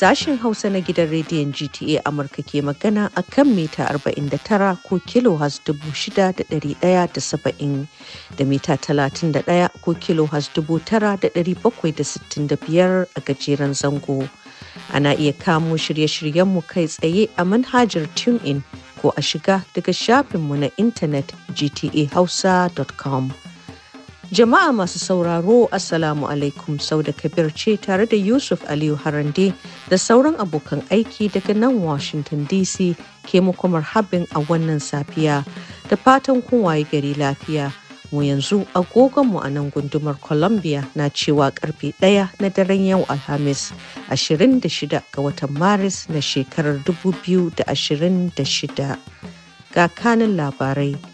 Sashen Hausa na gidan rediyon GTA Amurka ke magana a kan mita 49 ko kilohas 6,170 da mita 31 ko kilohas 9,765 a gajeren zango. Ana iya kamo shirye-shiryenmu kai tsaye a manhajar TuneIn ko a shiga daga shafinmu na intanet gtahausa.com. Jama'a masu sauraro Assalamu alaikum sau da kabir ce tare da Yusuf Aliyu Harande da sauran abokan aiki daga nan Washington DC ke muku marhabin a wannan safiya da fatan kun gari lafiya. Mu yanzu agogonmu a nan gundumar Columbia na cewa karfe ɗaya na daren yau Alhamis 26 ga watan Maris na shekarar 2026. Ga kanin labarai.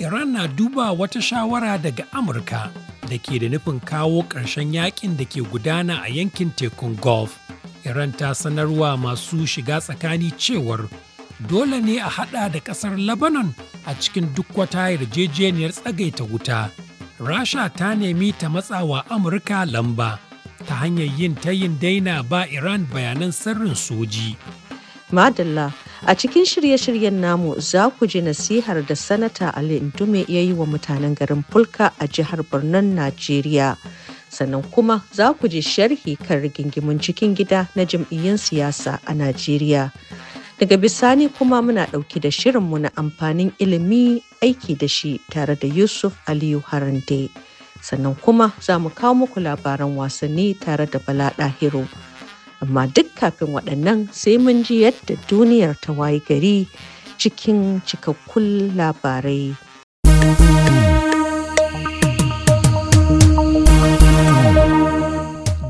Iran na duba wata shawara daga Amurka da ke da nufin kawo ƙarshen yakin da ke gudana a yankin tekun Gulf. Iran ta sanarwa masu shiga tsakani cewar dole ne a hada da ƙasar Lebanon a cikin duk wata yarjejeniyar tsagaita wuta. Rasha ta nemi ta matsawa Amurka lamba ta hanyar yin ta yin daina ba Iran bayanan sirrin soji. Madalla A cikin shirye-shiryen namu za ku ji nasihar da Sanata Ali Indume ya yi wa mutanen garin Fulka a jihar Birnin Najeriya. Sannan kuma za ku ji sharhi kan rigingimun cikin gida na jam'iyyun siyasa a Najeriya. Daga bisani kuma muna ɗauki da shirinmu na amfanin ilimi aiki da shi tare da Yusuf Aliyu Harande. Sannan kuma za mu kawo muku labaran wasanni tare da Bala Ɗahiru. amma duk kafin waɗannan sai mun ji yadda duniyar ta wayi gari cikin cikakkun labarai.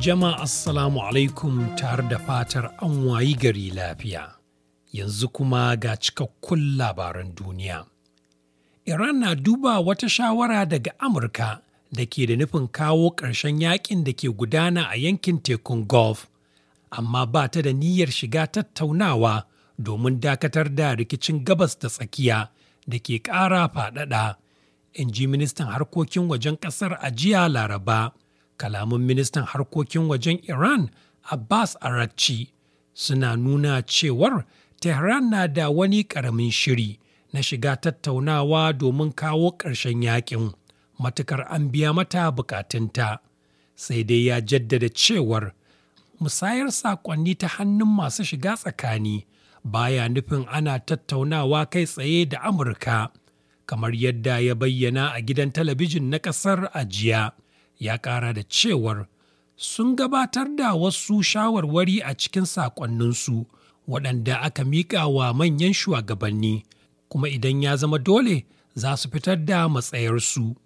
Jama'a Assalamu alaikum tare da fatar an wayi gari lafiya. Yanzu kuma ga cikakkun labaran duniya. Iran na duba wata shawara daga Amurka da ke da nufin kawo ƙarshen yakin da ke gudana a yankin tekun Gulf amma ba ta da niyyar shiga tattaunawa domin dakatar da rikicin gabas da tsakiya da ke ƙara faɗaɗa, in ji ministan harkokin wajen ƙasar Ajiya Laraba. Kalamun ministan harkokin wajen Iran Abbas Arakci suna nuna cewar Tehran na da wani ƙaramin shiri na shiga tattaunawa domin kawo ƙarshen yakin matukar an biya mata bukatunta. Sai dai ya jaddada cewar musayar saƙonni ta hannun masu shiga tsakani baya nufin ana tattaunawa kai tsaye da Amurka, kamar yadda ya bayyana a gidan talabijin na ƙasar ajiya. Ya ƙara da cewar sun gabatar da wasu shawarwari a cikin saƙonninsu waɗanda aka miƙa wa manyan shugabanni, kuma idan ya zama dole za su fitar da matsayarsu.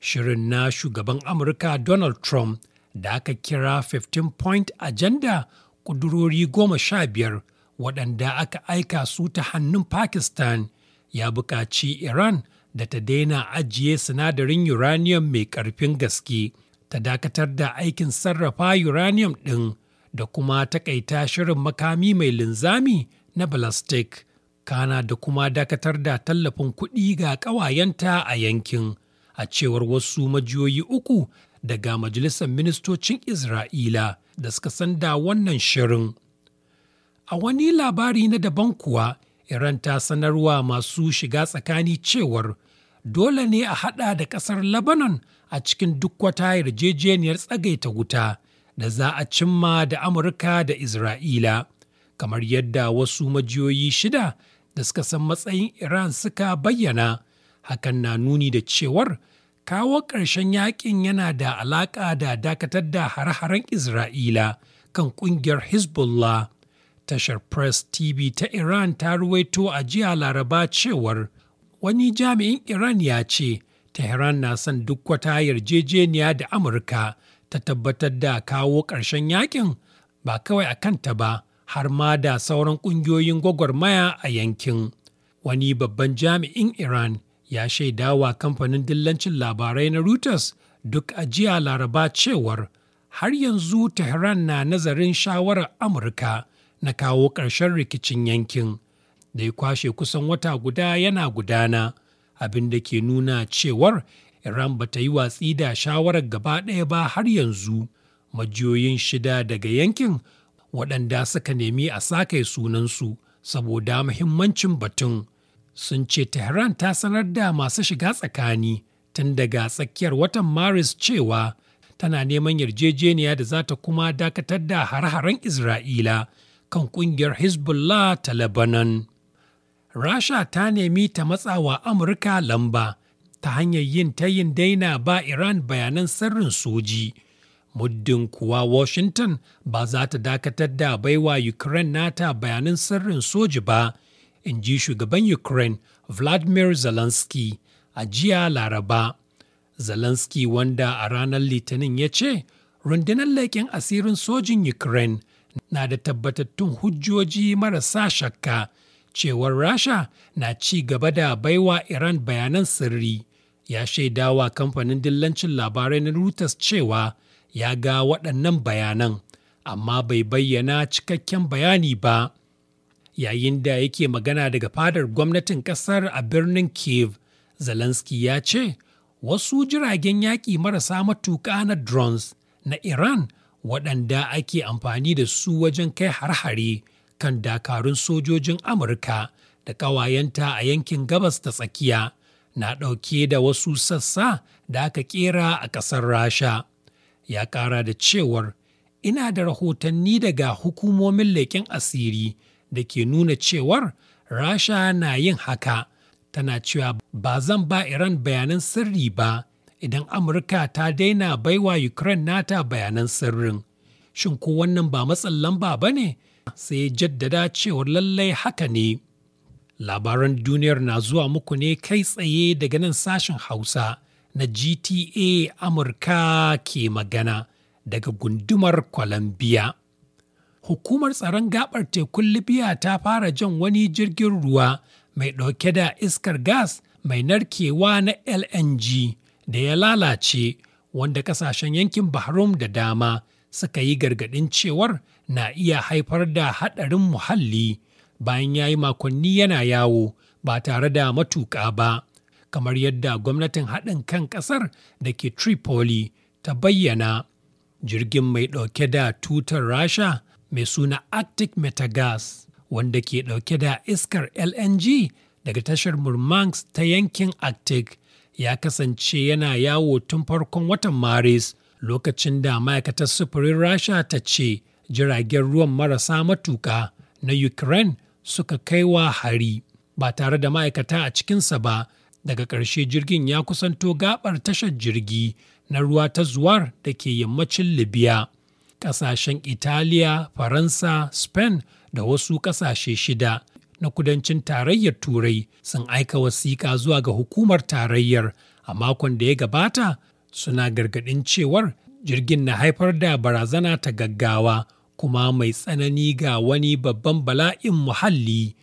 Shirin na shugaban Amurka Donald Trump da aka kira 15 point agenda ƙudurori goma sha biyar waɗanda aka aika su ta hannun pakistan ya buƙaci iran da ta daina ajiye sinadarin uranium mai ƙarfin gaske ta dakatar da aikin sarrafa uranium ɗin da kuma takaita shirin makami mai linzami na balastik kana da kuma dakatar da tallafin kuɗi ga ƙawayenta a yankin a cewar wasu majiyoyi uku daga Majalisar Ministocin Isra'ila da suka san da wannan shirin. A wani labari na daban kuwa, Iran ta sanarwa masu shiga tsakani cewar dole ne a haɗa da ƙasar Lebanon a cikin duk wata yarjejeniyar tsagaita wuta da za a cimma da Amurka da Isra'ila, kamar yadda wasu majiyoyi shida da suka san matsayin Iran suka bayyana. Hakan na nuni da cewar kawo ƙarshen yakin yana da alaƙa da dakatar da har-haren Isra'ila kan ƙungiyar Hezbollah. Tashar Press TV ta Iran ta ruwaito a jiya Laraba cewar wani jami'in Iran ya ce Tehran na son duk wata yarjejeniya da Amurka ta tabbatar da kawo ƙarshen yakin ba kawai a kanta ba har ma da sauran ƙungiyoyin gwagwarmaya a yankin. Wani babban jami'in Iran ya shaidawa kamfanin dillancin labarai na Reuters duk ajiya laraba cewar har yanzu Tehran na nazarin shawarar Amurka na kawo ƙarshen rikicin yankin da ya kwashe kusan wata guda yana gudana abin da ke nuna cewar Iran ba ta yi watsi da shawarar gaba ɗaya ba har yanzu majiyoyin shida daga yankin waɗanda suka nemi a sunan sunansu saboda muhimmancin batun. sun ce Tehran ta sanar da masu shiga tsakani tun daga tsakiyar watan Maris cewa tana neman yarjejeniya da za ta kuma dakatar da har-haren Isra'ila kan kungiyar Hezbollah ta Lebanon. Rasha ta nemi ta matsawa Amurka lamba ta hanyar yin ta yin daina ba Iran bayanan sirrin soji. Muddin kuwa Washington ba za ta dakatar da baiwa Ukraine nata bayanan sirrin soji ba. in ji shugaban Ukraine Vladimir Zelensky a jiya Laraba. Zelensky wanda a ranar Litinin ya ce, rundunar leƙen asirin sojin Ukraine na da tabbatattun hujjoji marasa shakka cewar Rasha na ci gaba da baiwa Iran bayanan sirri. Ya shaidawa kamfanin dillancin labarai na Reuters cewa ya ga waɗannan bayanan, amma bai bayyana cikakken bayani ba. yayin da yake magana daga fadar gwamnatin kasar a birnin kiev zelensky ya ce wasu jiragen yaƙi marasa matuƙa na drones na iran waɗanda ake amfani da su wajen kai har-hare kan dakarun sojojin amurka da ƙawayenta a yankin gabas ta tsakiya na ɗauke da wasu sassa da aka ƙera a ƙasar rasha ya ƙara da cewar ina da rahotanni daga hukumomin leƙen asiri da ke nuna cewar rasha na yin haka tana cewa ba zan ba iran bayanan sirri ba idan amurka ta daina baiwa ukraine nata bayanan sirrin shin ko wannan ba matsin lamba ba ne sai jaddada cewar lallai haka ne labaran duniyar na zuwa muku ne kai tsaye daga nan sashen hausa na gta amurka ke magana daga gundumar columbia hukumar tsaron gabar tekun libya ta fara jan wani jirgin ruwa mai ɗauke da iskar gas mai narkewa na lng da ya lalace wanda kasashen yankin bahrum da dama suka yi gargaɗin cewar na iya haifar da haɗarin muhalli bayan ya yi makonni yana yawo ba tare da matuƙa ba kamar yadda gwamnatin haɗin kan ƙasar da ke tripoli ta bayyana jirgin mai ɗauke da tutar rasha mai suna Arctic Metagas wanda ke dauke da iskar LNG daga tashar Murmansk ta yankin Arctic ya kasance yana yawo tun farkon watan Maris lokacin da ma'aikatar sufurin Rasha ta ce jiragen ruwan marasa matuka na Ukraine suka kai wa hari ba tare da ma'aikata a cikinsa ba daga ƙarshe jirgin ya kusanto gabar tashar jirgi na ruwa ta zuwar da ke yammacin Libya. ƙasashen Italiya, Faransa, Spain da wasu ƙasashe shida na kudancin tarayyar Turai sun aika wasiƙa zuwa ga hukumar tarayyar a makon da ya gabata suna gargaɗin cewar jirgin na haifar da barazana ta gaggawa kuma mai tsanani ga wani babban bala'in muhalli.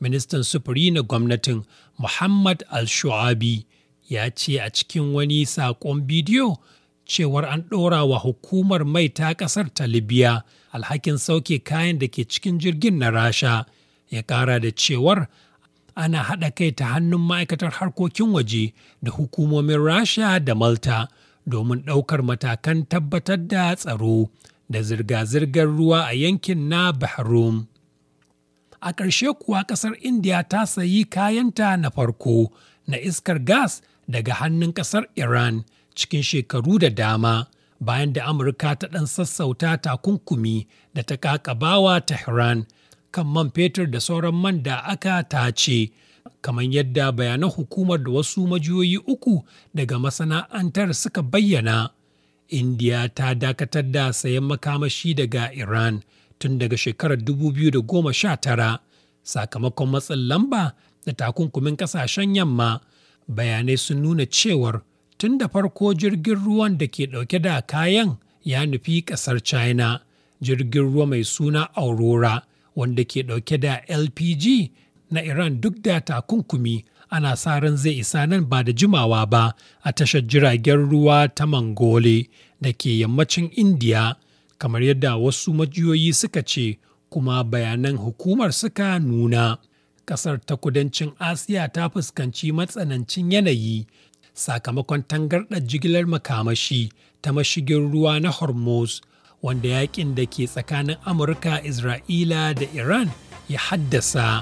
Ministan sufuri na gwamnatin Muhammad Al-Shu'abi ya ce a cikin wani saƙon bidiyo cewar an ɗora wa hukumar mai ta ƙasar ta Libya alhakin sauke kayan da ke cikin jirgin na Rasha. Ya ƙara da cewar ana haɗa kai ta hannun ma'aikatar harkokin waje da hukumomin Rasha da Malta domin ɗaukar matakan tabbatar da tsaro da zirga-zirgar ruwa a yankin na Bahrum. A ƙarshe kuwa ƙasar India ta sayi kayanta na farko na iskar gas daga hannun ƙasar Iran. cikin shekaru da dama bayan da Amurka ta ɗan sassauta takunkumi da ta ƙaƙabawa Tehran kan man fetur da sauran man da aka tace. kamar yadda bayanan hukumar da wasu majiyoyi uku daga masana'antar suka bayyana indiya ta dakatar da sayan makamashi daga iran tun daga shekarar 2019 sakamakon matsin lamba da takunkumin ƙasashen yamma bayanai sun nuna cewar tun da farko jirgin ruwan da ke dauke da kayan ya nufi kasar china jirgin ruwa mai suna aurora wanda ke dauke da lpg na iran duk da takunkumi ana sa ran zai isa nan ba da jimawa ba a tashar jiragen ruwa ta mangole da ke yammacin indiya kamar yadda wasu majiyoyi suka ce kuma bayanan hukumar suka nuna ƙasar ta kudancin asiya ta fuskanci matsanancin yanayi sakamakon tangarɗar jigilar makamashi ta mashigin ruwa na hormuz wanda yakin da ke tsakanin amurka isra'ila da iran ya haddasa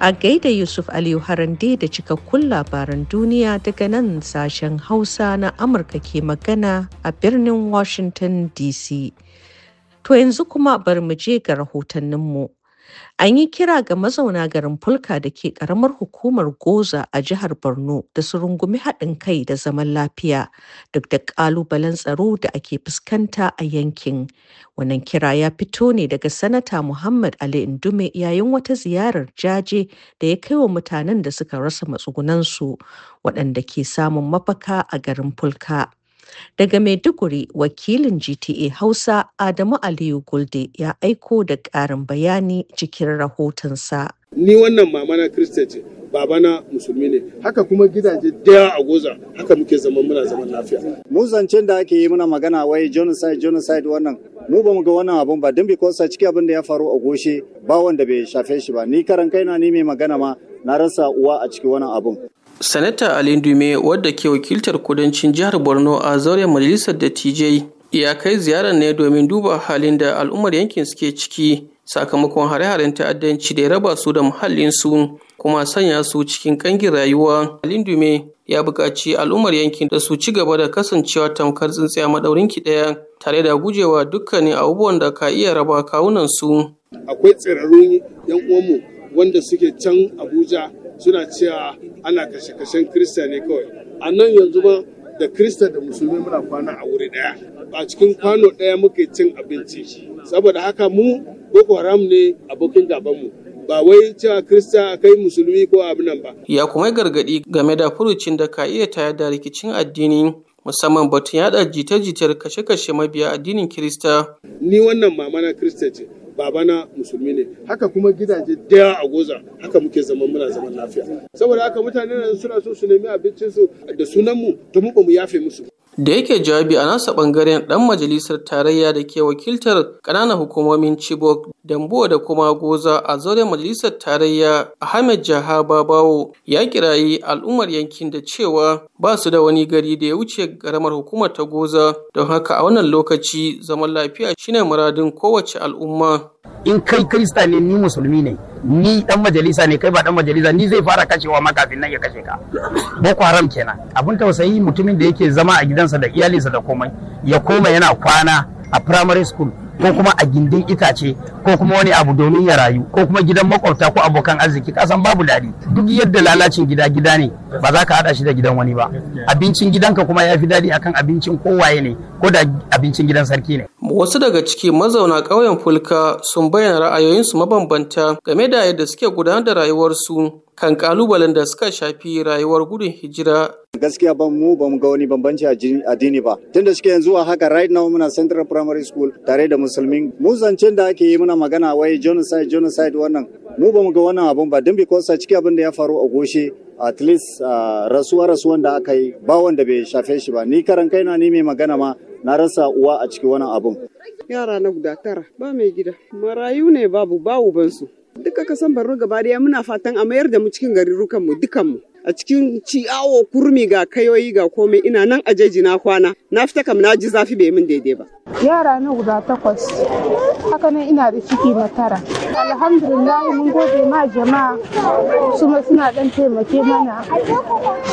a gaida yusuf aliyu harande da cikakkun labaran duniya daga nan sashen hausa na amurka ke magana a birnin washington dc to yanzu kuma bar mu je ga rahotanninmu An yi kira ga mazauna garin Fulka da ke ƙaramar hukumar Goza a jihar Borno da su rungumi haɗin kai da zaman lafiya duk da ƙalubalen tsaro da ake fuskanta a yankin. Wannan kira ya fito ne daga Sanata Muhammad Ali Indume yayin wata ziyarar jaje da ya kai wa mutanen da suka rasa matsugunansu waɗanda ke samun mafaka a garin Fulka. Daga Maiduguri wakilin GTA Hausa Adamu Aliyu Gulde ya aiko da ƙarin bayani cikin rahotonsa. Ni wannan mamana Kirista ce, babana musulmi ne, haka kuma gidaje daya a goza haka muke zaman muna zaman lafiya. Mu zancen da ake yi muna magana wai genocide genocide wannan mu ba ga wannan abun ba don because a ciki abin da ya faru a goshe ba wanda bai shafe shi ba ni karan kaina ni mai magana ma na rasa uwa a ciki wannan abun. Sanata Ali Dume wadda ke wakiltar kudancin jihar Borno a zauren majalisar dattijai ya kai ziyarar ne domin duba halin da al'ummar yankin suke ciki sakamakon hare-haren ta'addanci da ya raba su da muhallin su kuma sanya su cikin kangin rayuwa. Ali Dume ya buƙaci al'ummar yankin da su ci gaba da kasancewa tamkar tsintsiya maɗaurin ki ɗaya tare da gujewa dukkanin abubuwan da ka iya raba kawunan su. Akwai tsirarun 'yan uwanmu wanda suke can Abuja suna cewa ana kashe-kashen krista ne kawai a nan yanzu ma da krista da musulmi muna kwana a wuri daya a cikin kwano daya muke cin abinci saboda haka mu boko haram ne abokin gabanmu ba wai cewa krista kai musulmi ko abin nan ba ya kuma gargadi game da furucin da ka iya tayar da rikicin addini musamman batun yada jita-jitar kashe-kashe mabiya addinin krista ni wannan mama na krista ce babana musulmi ne haka kuma gidaje daya a goza haka muke zaman muna zaman lafiya saboda haka mutane suna so su nemi abincinsu da sunanmu to mu ba mu yafe musu Da yake jawabi a nasa bangaren dan majalisar tarayya da ke wakiltar ƙananan hukumomin Chibok, Dambo da kuma Goza a zauren majalisar tarayya Ahmed Jaha Babawo ya kirayi al'ummar yankin da cewa ba su da wani gari da ya wuce ƙaramar hukumar ta Goza don haka a wannan lokaci zaman lafiya shine muradin kowace al'umma. In kai Kirista ne ni musulmi ne, ni dan majalisa ne kai ba dan majalisa ni zai fara kashewa ma kafin nan ya kashe ka. Boko Haram kenan. Abin tausayi mutumin da yake zama a gidan gidansa da iyalinsa da komai ya koma yana kwana a primary school ko kuma a gindin itace ko kuma wani abu domin ya rayu ko kuma gidan makwabta ko abokan arziki kasan babu daɗi duk yadda lalacin gida gida ne ba za ka haɗa shi da gidan wani ba abincin gidanka kuma ya fi daɗi akan abincin kowaye ne ko da abincin gidan sarki ne. wasu daga ciki mazauna ƙauyen fulka sun bayyana ra'ayoyinsu mabambanta game da yadda suke gudanar da rayuwarsu kan kalubalen da suka shafi rayuwar gudun hijira gaskiya ban mu ba mu ga wani bambanci addini ba tunda suke yanzu a haka right now muna central primary school tare da musulmi mu zance da ake yi muna magana wai genocide genocide wannan mu ba mu ga wannan abun ba don biko a ciki abin da ya faru a goshe at least uh, rasuwa rasuwan da aka yi ba wanda bai shafe shi ba ni karan kaina ni mai magana ma na rasa uwa a cikin wannan abun yara na guda tara ba mai gida marayu ne babu ba ubansu duka kasan barno gaba daya muna fatan a mayar da mu cikin garirukan mu dukan mu a cikin ciyawo kurmi ga kayoyi ga komai ina nan a jeji na kwana na fita kam na ji zafi bai min daidai ba yara na guda takwas haka nan ina da ciki na tara alhamdulillah mun gode ma jama'a su suna dan taimake mana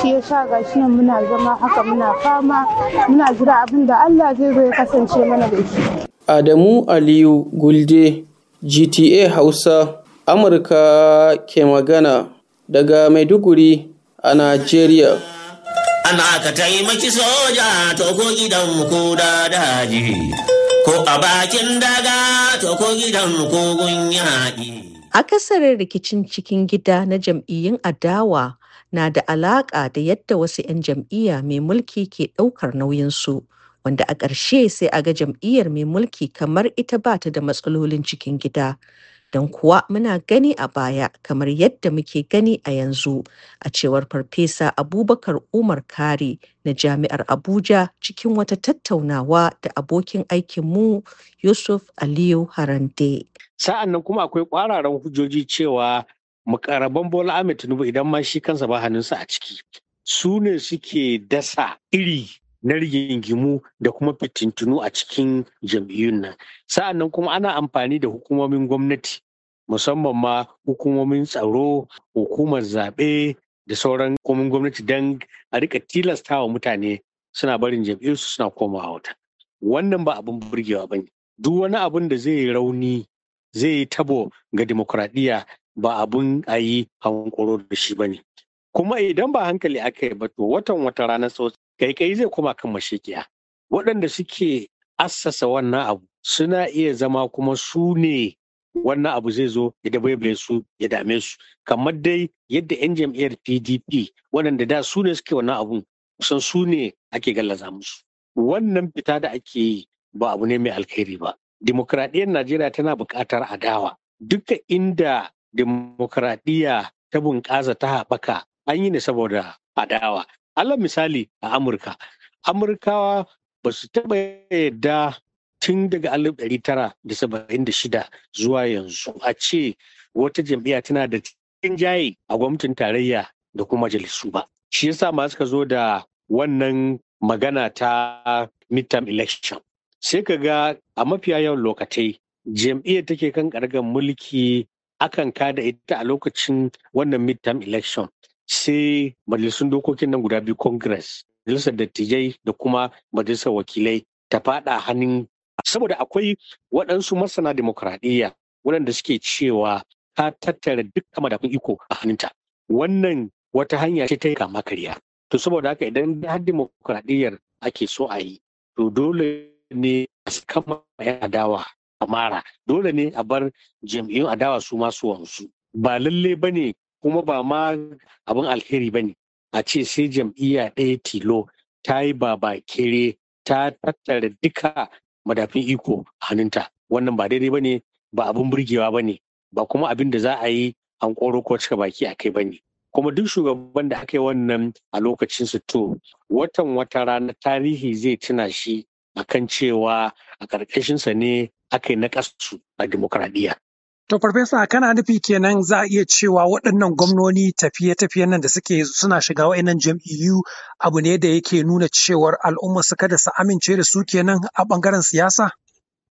shi ya sha shi nan muna zama haka muna fama muna jira abin da Allah zai zo ya kasance mana da shi Adamu Aliyu Gulde GTA Hausa Amurka ke magana daga Maiduguri a Najeriya. Ana ka taimaki soja to ko gidan ku da daji, ko a bakin daga to ko gidan ku gun A Akasarin rikicin cikin gida na jam'iyyun adawa na da alaƙa da yadda wasu 'yan jam'iyya mai mulki ke ɗaukar nauyinsu, wanda a ƙarshe sai a ga jam'iyyar mai mulki kamar ita ba ta da matsalolin cikin gida. don kuwa muna gani a baya kamar yadda muke gani a yanzu a cewar farfesa abubakar umar kari na jami'ar abuja cikin wata tattaunawa da abokin aikinmu yusuf aliyu harande sa'an nan kuma akwai kwararan hujjoji cewa mukarraban bola ahmed tinubu idan ma shi kansa ba hannunsa a ciki su ne suke dasa iri na rigingimu da kuma fitintunu a cikin jam'iyyun nan sa'an nan kuma ana amfani da hukumomin gwamnati musamman ma hukumomin tsaro hukumar zaɓe da sauran hukumomin gwamnati don a rika wa mutane suna barin jam'iyyarsu suna komawa wata wannan ba abin burgewa ba ne duk wani abin da zai rauni zai yi tabo ga dimokuraɗiyya ba abin a yi hankoro da shi ba ne kuma idan ba hankali aka yi ba to watan wata ranar Kai-kai zai koma kan mashekiya waɗanda suke assasa wannan abu suna iya zama kuma su ne wannan abu zai zo ya da su ya dame su kamar dai yadda 'yan jam'iyyar pdp waɗanda da su ne suke wannan abun kusan su ne ake gallaza musu wannan fita da ake yi ba abu ne mai alkhairi ba dimokuraɗiyyar najeriya tana buƙatar adawa duka inda dimokuraɗiyya ta bunƙasa ta haɓaka an yi ne saboda adawa Allah misali a amurka amurkawa ba su taɓa yadda tun daga 1976 zuwa yanzu a ce wata jam'iyya tana da cikin jaye a gwamnatin tarayya da kuma majalisu ba shi yasa ma suka zo da wannan magana ta midterm election sai ka ga a mafiya yawan lokatai jam'iyyar take kan kargan mulki akan kada ita a lokacin wannan midterm election sai majalisun dokokin nan guda biyu congress majalisar dattijai da kuma majalisar wakilai ta fada hannun saboda akwai waɗansu masana demokradiyya waɗanda suke cewa ta tattara dukkan madafin iko a hannunta wannan wata hanya ce ta yi kama karya to saboda haka idan har demokradiyyar ake so a yi to dole ne a kama yan adawa a mara dole ne a bar jam'iyyun adawa su masu wansu ba lalle ba ne kuma ba ma abin alheri ba ne a ce sai jam'iyya ɗaya tilo ta yi ba kere ta tattara duka madafin iko hannunta wannan ba daidai ba ne ba abin burgewa ba ne ba kuma abin da za a yi an ƙoro ko cika baki a kai ba ne kuma duk shugaban da aka yi wannan a lokacin su to watan wata rana tarihi zai tuna shi akan cewa a ƙarƙashinsa ne aka yi na a dimokuraɗiyya To farfesa kana nufi kenan za a iya cewa waɗannan gwamnoni tafiye tafiye nan da suke suna shiga wa'annan jam'iyyu abu ne da yake nuna cewar al'umma su kada su amince da su kenan a ɓangaren siyasa?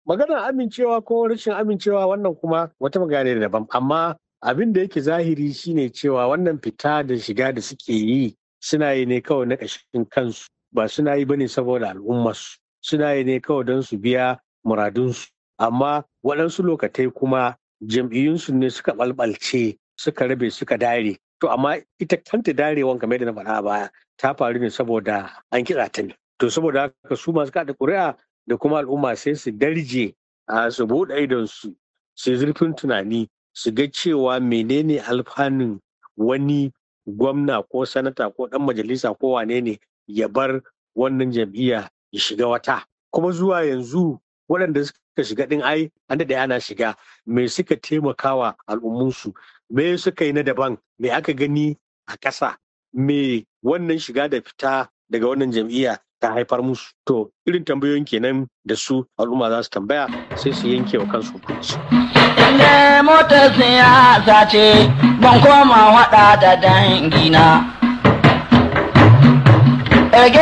Maganar amincewa ko rashin amincewa wannan kuma wata magana ne daban amma abin da yake zahiri shine cewa wannan fita da shiga da suke yi suna yi ne kawai na ƙashin kansu ba suna yi bane saboda al'ummarsu suna yi ne kawai don su biya muradunsu amma waɗansu lokatai kuma jam'iyyunsu ne suka balbalce suka rabe suka dare to amma ita kanta darewan mai da na faɗa a baya ta faru ne saboda an kiɗa ta ne to saboda haka su masu kaɗa ƙuri'a da kuma al'umma sai su darje a su buɗe idon su su zurfin tunani su ga cewa menene alfanun wani gwamna ko sanata ko ɗan majalisa ko wane ne ya bar wannan jam'iyya ya shiga wata kuma zuwa yanzu waɗanda suka shiga ɗin ai an daɗe ana shiga me suka taimakawa al'ummunsu me suka yi na daban me aka gani a ƙasa me wannan shiga da fita daga wannan jam'iyya ta haifar musu to irin tambayoyin kenan da su al'umma za su tambaya sai su yanke wa kansu hukunci. ne motar siyasa ce ban koma waɗa da dangina. Ege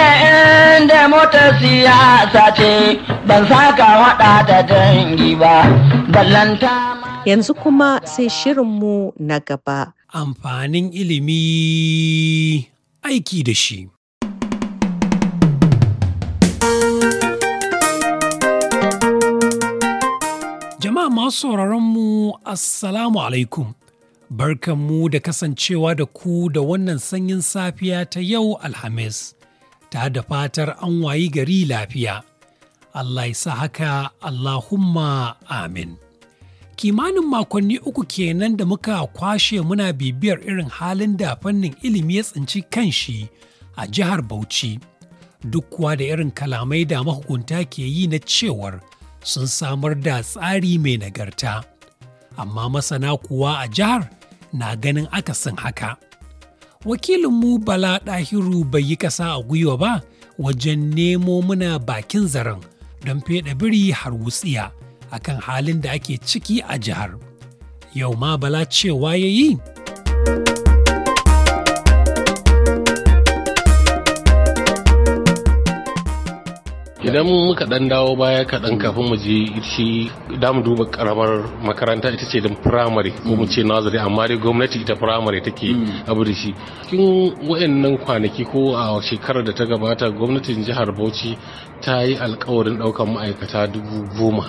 inda mota siyasa ce ban saka waɗa da dangi ba, ballanta Yanzu kuma sai shirinmu na gaba. Amfanin ilimi aiki da shi. Jama'a masu sauraronmu Assalamu alaikum. Barkanmu da kasancewa da ku da wannan sanyin safiya ta yau Alhamis, ta da fatar an wayi gari lafiya. Allah ya sa haka Allahumma amin. Kimanin makonni uku kenan da muka kwashe muna bibiyar irin halin da fannin ilimi ya tsinci kan shi, a jihar Bauchi. Duk kuwa da irin kalamai da mahukunta ke yi na cewar sun samar da tsari mai nagarta. Amma masana kuwa a jihar na ganin akasin haka. wakilinmu bala ɗahiru bai yi ƙasa a gwiwa ba wajen nemo muna bakin zaren don feɗa biri har wutsiya akan halin da ake ciki a jihar yau ma bala cewa ya yi idan muka dan dawo baya kaɗan kafin mu je shi da duba karamar makaranta ita ce din primary ko mu ce nazari amma dai gwamnati ita primary take mm. abu da shi cikin wayannan kwanaki ko a shekarar da ta gabata gwamnatin jihar Bauchi ta yi alkawarin ɗaukan ma'aikata dubu goma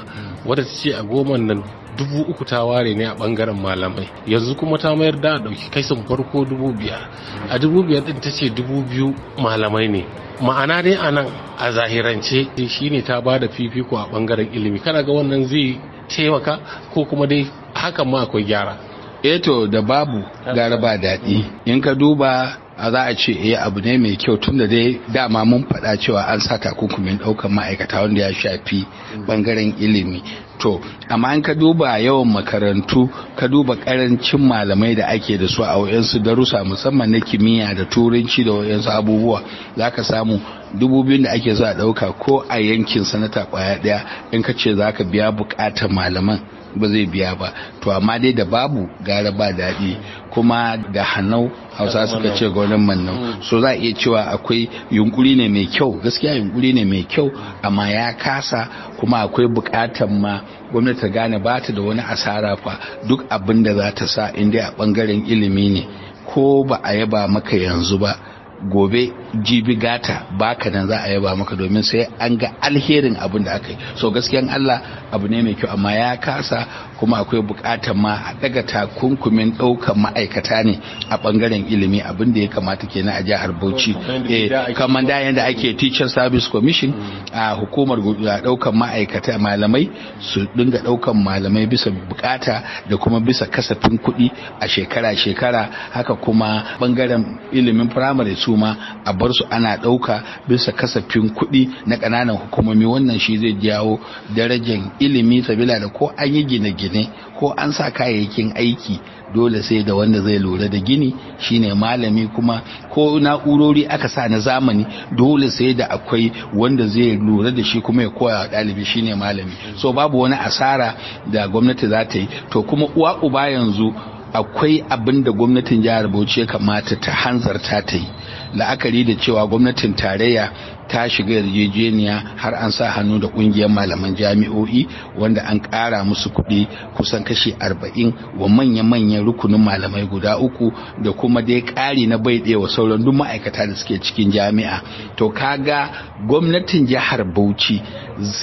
wadda ta ce a goma nan dubu uku ta ware ne a bangaren malamai yanzu kuma ta mayar da a ɗauki sun farko dubu biyar a dubu biyar ɗin ta ce dubu biyu malamai ne ma'ana dai a nan a zahirance shine ta ba da fifiko a bangaren ilimi kana ga wannan zai taimaka ko kuma dai hakan ma akwai gyara eto eh da babu gara ba daɗi in ka duba a za a ce eh abu ne mai kyau tunda dai dama mun faɗa cewa an sa takunkumin ɗaukar ma'aikata wanda ya shafi bangaren ilimi to amma in ka duba yawan makarantu ka duba karancin malamai da ake da su a wayansu darussa musamman na kimiyya da turanci da wayansu abubuwa za ka samu dubu biyun da ake za a ɗauka ko a yankin sanata kwaya ɗaya in ka ce za ka biya buƙatar malaman ba zai biya ba to amma dai da babu gara ba daɗi kuma da hannu hausa suka ce gwanin mannau mm. so za a iya cewa akwai yunkuri ne mai kyau gaskiya yunkuri ne mai kyau amma ya kasa kuma akwai bukatan ma gwamnati ta gane ba ta da wani asara fa duk abin da za ta sa in dai a ɓangaren ilimi ne ko ba a yaba maka yanzu ba gobe jibi gata baka nan za a yaba maka domin sai an ga alherin abin da aka yi so gaskiyan Allah abu ne mai kyau amma ya kasa kuma akwai bukatar ma a daga takunkumin ɗaukan ma'aikata ne a bangaren ilimi abin da ya kamata ke kenan a jihar Bauchi eh kamar da yanda ake teacher service commission mm. a hukumar ɗaukar ma'aikata malamai su dinga ɗaukan malamai bisa bukata da kuma bisa kasafin kuɗi a shekara shekara haka kuma bangaren ilimin primary su ma a bar su ana ɗauka bisa kasafin kuɗi na ƙananan hukumomi wannan shi zai jawo darajar ilimi sabila da ko an yi gine-gine gine ko an sa kayayyakin aiki dole sai da wanda zai lura da gini shine malami kuma ko na'urori aka sa na zamani dole sai da akwai wanda zai lura da shi kuma ya koya wa ɗalibi shine malami so babu wani asara da gwamnati za ta yi to kuma uwa uba yanzu akwai abin da gwamnatin jihar bauchi ya kamata ta hanzarta ta yi la'akari da cewa gwamnatin tarayya ta shiga yarjejeniya har an sa hannu da kungiyar malaman jami'o'i wanda an ƙara musu kuɗi kusan kashi arba'in wa manya-manyan rukunin malamai guda uku da kuma dai ƙari na bai ɗaya wa sauran duk ma'aikata da suke cikin jami'a to kaga gwamnatin jihar bauchi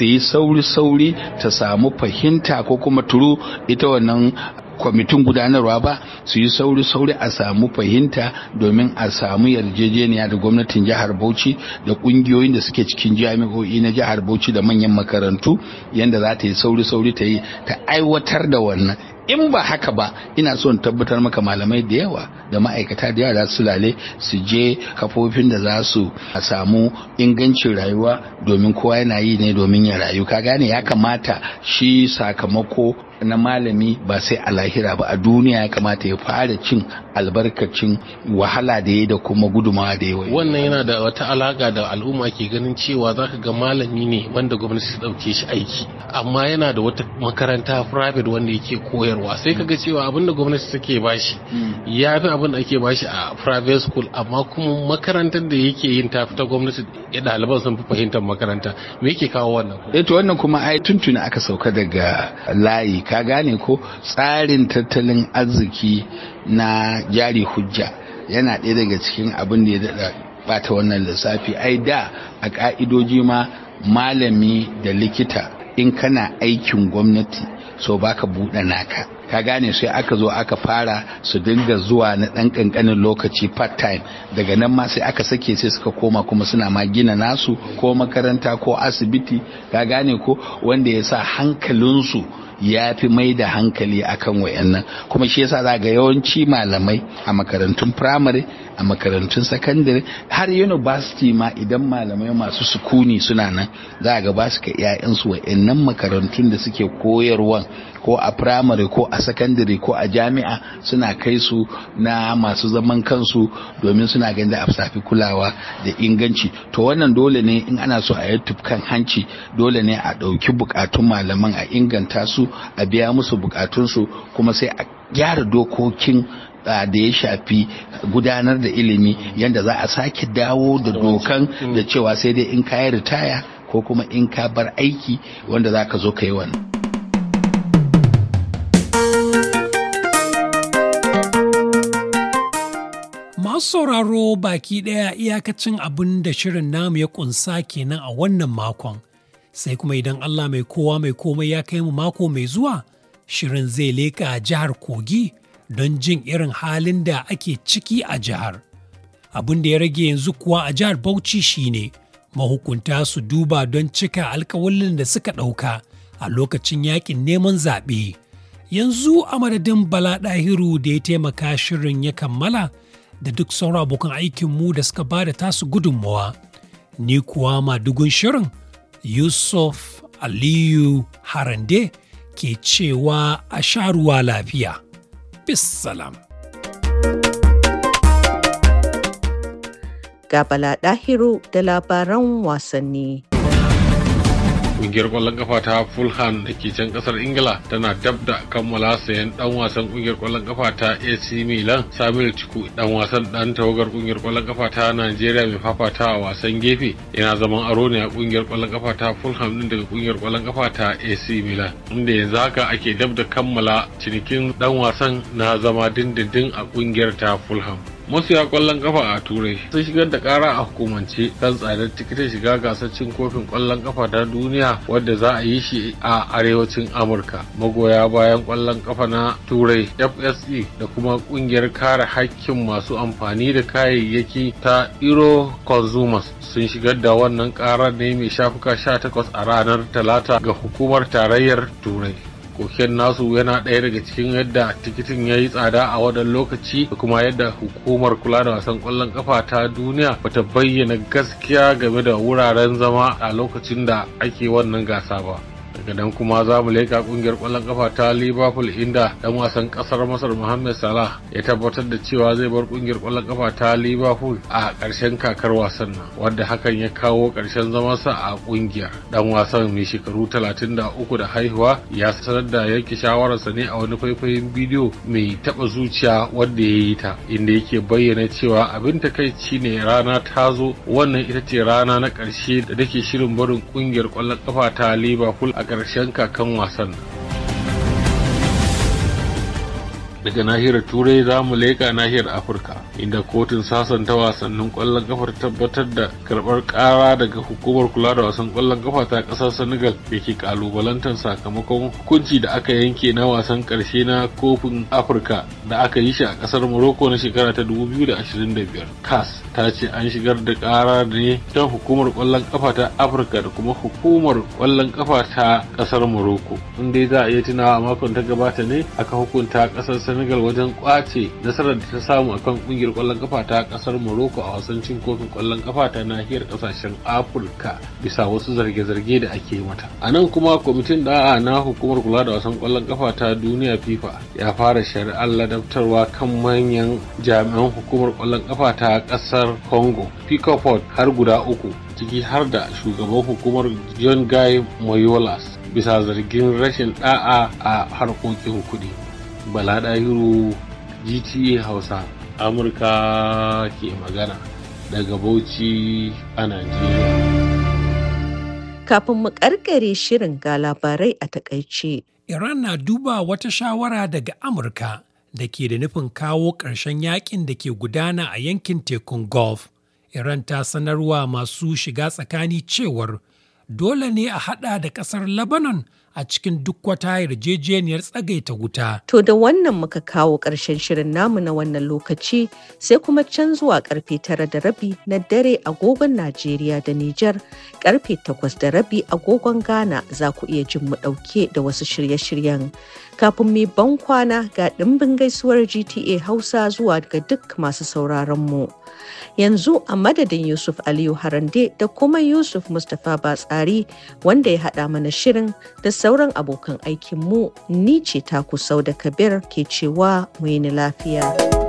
yi sauri-sauri ta samu fahimta ko kuma turu ita wannan kwamitin gudanarwa ba su yi sauri-sauri a samu fahimta domin a samu yarjejeniya da gwamnatin jihar bauchi da kungiyoyin da suke cikin jami'o'i na jihar bauchi da manyan makarantu yadda za ta yi sauri-sauri ta yi ta aiwatar da wannan in ba haka ba ina so in tabbatar maka malamai da yawa da ma'aikata da yawa za su lale su je kafofin da za su samu ingancin rayuwa domin kowa yana yi ne domin ya rayu ka gane ya kamata shi sakamako na malami ba sai a lahira ba a duniya ya kamata ya fara cin albarkacin wahala da ya da kuma gudumawa da yawa wannan yana da wata alaka da al'umma ke ganin cewa zaka ga malami ne wanda gwamnati su dauke shi aiki amma yana da wata makaranta private wanda yake koyar koyarwa sai kaga cewa abinda gwamnati take bashi hmm. ya fi abin ake bashi a private school amma kuma makarantar da yake yin ta ta gwamnati ya ɗaliban sun fi fahimtar makaranta me yake kawo wannan eh to wannan kuma ai tuntuni aka sauka daga layi ka gane ko tsarin tattalin arziki na jari hujja yana ɗaya daga cikin abin da ya daɗa bata wannan lissafi ai da a ka'idoji ma malami da likita in kana aikin gwamnati so baka buɗe naka ka gane sai aka zo aka fara su dinga zuwa na ɗan ƙanƙanin lokaci part time daga nan ma sai aka sake sai suka koma kuma suna ma gina nasu ko makaranta ko asibiti ka gane ko wanda ya sa hankalinsu ya fi mai da hankali akan wayannan kuma shi yasa za ga yawanci malamai a makarantun firamare a makarantun sakandare har university ma idan malamai masu sukuni suna nan za ga ba su ka 'ya'yansu wayannan makarantun da suke koyarwan ko a firamare ko a sakandare ko a jami'a suna kai su na masu zaman kansu domin suna ganin da afsafi kulawa da inganci to wannan dole ne in ana so a yi tufkan hanci dole ne a ɗauki bukatun malaman a inganta su a biya musu bukatunsu kuma sai a gyara dokokin uh, da ya shafi gudanar da ilimi yadda za a sake dawo da dokan mm. da cewa sai dai in ka yi ritaya ko kuma in ka bar aiki wanda za ka zo ka yi wani. masu sauraro baki daya iyakacin abin da shirin namu ya kunsa kenan a wannan makon sai kuma idan Allah mai kowa mai komai ya kai mu mako mai zuwa shirin zai leka jihar kogi don jin irin halin da ake ciki a jihar abin da ya rage yanzu kuwa a jihar bauchi shine mahukunta su duba don cika alkawalin da suka ɗauka a lokacin yakin neman zaɓe yanzu a madadin bala ɗahiru da ya taimaka shirin ya kammala da duk sauran abokan aikinmu da suka ba da tasu gudunmawa ni kuwa ma dugun shirin Yusuf Aliyu Harande ke cewa a sha ruwa lafiya. Bissalam. Ga Bala Ɗahiru da labaran wasanni. Kungiyar kwallon kafa ta Fulham da ke can kasar Ingila tana dab da kammala sayan dan wasan kungiyar kwallon kafa ta AC Milan Samuel Ciku dan wasan dan tawagar kungiyar kwallon kafa ta nigeria mai fafata a wasan gefe yana zaman aro ne a kungiyar kwallon kafa ta Fulham din daga kungiyar kwallon kafa ta AC Milan inda yanzu haka ake dab da kammala cinikin dan wasan na zama dindindin a kungiyar ta Fulham. Masu ya kwallon kafa a turai sun shigar da kara a hukumance kan tsadar tikitin shiga gasar cin kofin kwallon kafa ta duniya wadda za a yi shi a arewacin amurka magoya bayan kwallon kafa na turai fse da kuma kungiyar kare hakkin masu amfani da kayayyaki ta Iro consumers sun shigar da wannan karar ne mai shafuka 18 a ranar talata ga hukumar tarayyar turai koken nasu yana ɗaya daga cikin yadda tikitin ya yi tsada a wadan lokaci da kuma yadda hukumar kula da wasan ƙwallon ƙafa ta duniya bata bayyana gaskiya game da wuraren zama a lokacin da ake wannan gasa ba daga nan kuma za mu leƙa ƙungiyar ƙwallon kafa ta liverpool inda dan wasan ƙasar masar mohamed salah ya tabbatar da cewa zai bar ƙungiyar ƙwallon kafa ta liverpool a ƙarshen kakar wasan nan wanda hakan ya kawo ƙarshen zamansa a ƙungiyar dan wasan mai shekaru 33 da haihuwa ya sanar da yanke shawararsa ne a wani faifayin bidiyo mai taɓa zuciya wanda ya yi ta inda yake bayyana cewa abin takaici ne rana ta zo wannan ita ce rana na ƙarshe da take shirin barin ƙungiyar ƙwallon kafa ta liverpool a a ƙarshen a wasan. daga nahiyar turai za mu leƙa nahiyar afirka inda kotun sasanta wasannin kwallon kafar tabbatar da karɓar ƙara daga hukumar kula da wasan kwallon kafa ta ƙasar senegal da ke ƙalubalantar sakamakon hukunci da aka yanke na wasan ƙarshe na kofin afirka da aka yi shi a ƙasar morocco na shekara ta da biyar. cas ta ce an shigar da ƙara ne ta hukumar kwallon kafa ta afirka da kuma hukumar kwallon kafa ta ƙasar morocco inda za a iya tunawa makon ta gabata ne aka hukunta ƙasar senegal wajen kwace nasarar da ta samu akan kungiyar kwallon kafa ta kasar morocco a wasan cin kofin kwallon kafa ta nahiyar kasashen afirka bisa wasu zarge-zarge da ake mata a nan kuma kwamitin da'a na hukumar kula da wasan kwallon kafa ta duniya fifa ya fara shari'ar ladabtarwa kan manyan jami'an hukumar kwallon kafa ta kasar congo picoport har guda uku ciki har da shugaban hukumar john guy moyolas bisa zargin rashin da'a a harkokin kuɗi Bala GTA Hausa Amurka ke magana daga Bauchi a Najeriya. Kafin mu karkare shirin ga labarai a takaice. Iran na duba wata shawara daga Amurka da ke da nufin kawo ƙarshen yakin da ke gudana a yankin tekun Gulf. Iran ta sanarwa masu shiga tsakani cewar dole ne a hada da ƙasar Lebanon a cikin duk wata yarjejeniyar tsagaita wuta. To da wannan muka kawo ƙarshen shirin namu na wannan lokaci sai kuma can zuwa karfe tara da rabi na dare agogon Najeriya da Nijar karfe takwas da rabi agogon Ghana za ku iya jin mu ɗauke da wasu shirye-shiryen. kafin mai ban kwana ga ɗimbin gaisuwar GTA Hausa zuwa ga duk masu sauraron mu. Yanzu a madadin Yusuf Aliyu Harande da kuma Yusuf Mustapha Batsari wanda ya haɗa mana shirin da sauran abokan aikinmu ni ce taku sau da kabir ke cewa mu yi lafiya.